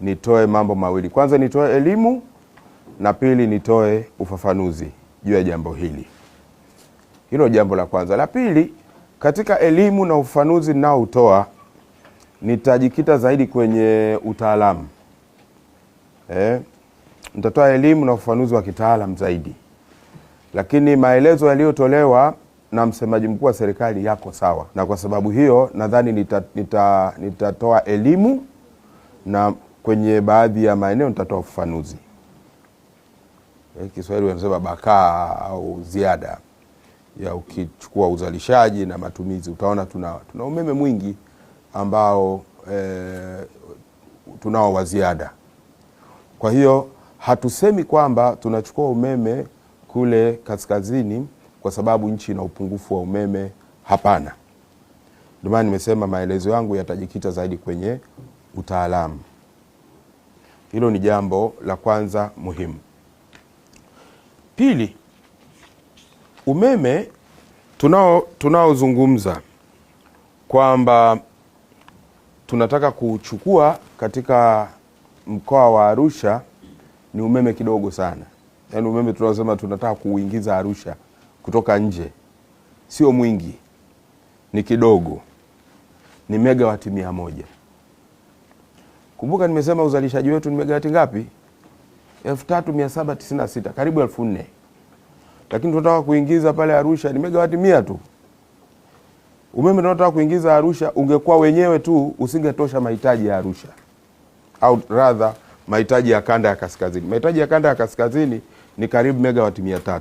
nitoe mambo mawili. Kwanza nitoe elimu na pili nitoe ufafanuzi juu ya jambo hili. Hilo jambo la kwanza. La pili, katika elimu na ufafanuzi ninaoutoa nitajikita zaidi kwenye utaalamu eh, nitatoa elimu na ufafanuzi wa kitaalamu zaidi, lakini maelezo yaliyotolewa na msemaji mkuu wa serikali yako sawa, na kwa sababu hiyo nadhani nitatoa nita, nita elimu na kwenye baadhi ya maeneo nitatoa ufafanuzi. Eh, Kiswahili wanasema bakaa au ziada ya, ukichukua uzalishaji na matumizi utaona tuna, tuna umeme mwingi ambao e, tunao wa ziada. Kwa hiyo hatusemi kwamba tunachukua umeme kule kaskazini kwa sababu nchi ina upungufu wa umeme. Hapana, ndio maana nimesema maelezo yangu yatajikita zaidi kwenye utaalamu. Hilo ni jambo la kwanza muhimu. Pili, umeme tunao tunaozungumza kwamba tunataka kuchukua katika mkoa wa Arusha ni umeme kidogo sana, yaani umeme tunaosema tunataka kuuingiza Arusha kutoka nje sio mwingi, ni kidogo, ni megawati mia moja. Kumbuka nimesema uzalishaji wetu ni megawati ngapi? 3796 karibu 4000. Lakini tunataka kuingiza pale Arusha ni megawati 100 tu. Umeme tunataka kuingiza Arusha ungekuwa wenyewe tu usingetosha mahitaji ya Arusha. Au rather mahitaji ya kanda ya kaskazini. Mahitaji ya kanda ya kaskazini ni karibu megawati 300.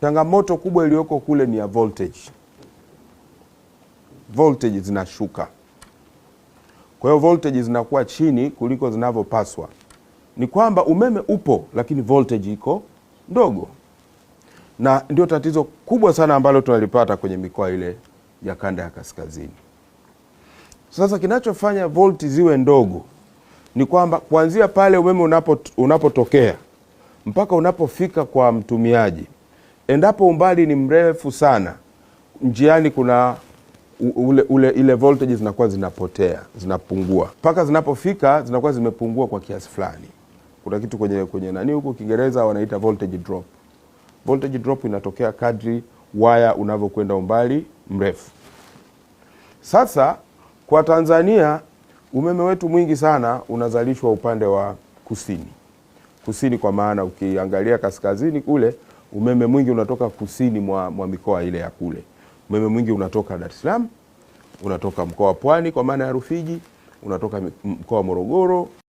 Changamoto kubwa iliyoko kule ni ya voltage. Voltage zinashuka. Kwa hiyo voltage zinakuwa chini kuliko zinavyopaswa. Ni kwamba umeme upo, lakini voltage iko ndogo, na ndio tatizo kubwa sana ambalo tunalipata kwenye mikoa ile ya kanda ya kaskazini. Sasa kinachofanya volti ziwe ndogo ni kwamba kuanzia pale umeme unapo, unapotokea mpaka unapofika kwa mtumiaji, endapo umbali ni mrefu sana, njiani kuna ule, ule, ile voltage zinakuwa zinapotea zinapungua mpaka zinapofika zinakuwa zimepungua kwa kiasi fulani. Kuna kitu kwenye, kwenye nani huko Kiingereza wanaita voltage drop. Voltage drop inatokea kadri waya unavyokwenda umbali mrefu. Sasa kwa Tanzania umeme wetu mwingi sana unazalishwa upande wa kusini, kusini kwa maana ukiangalia kaskazini kule umeme mwingi unatoka kusini mwa, mwa mikoa ile ya kule Umeme mwingi unatoka Dar es Salaam, unatoka mkoa wa Pwani kwa maana ya Rufiji, unatoka mkoa wa Morogoro,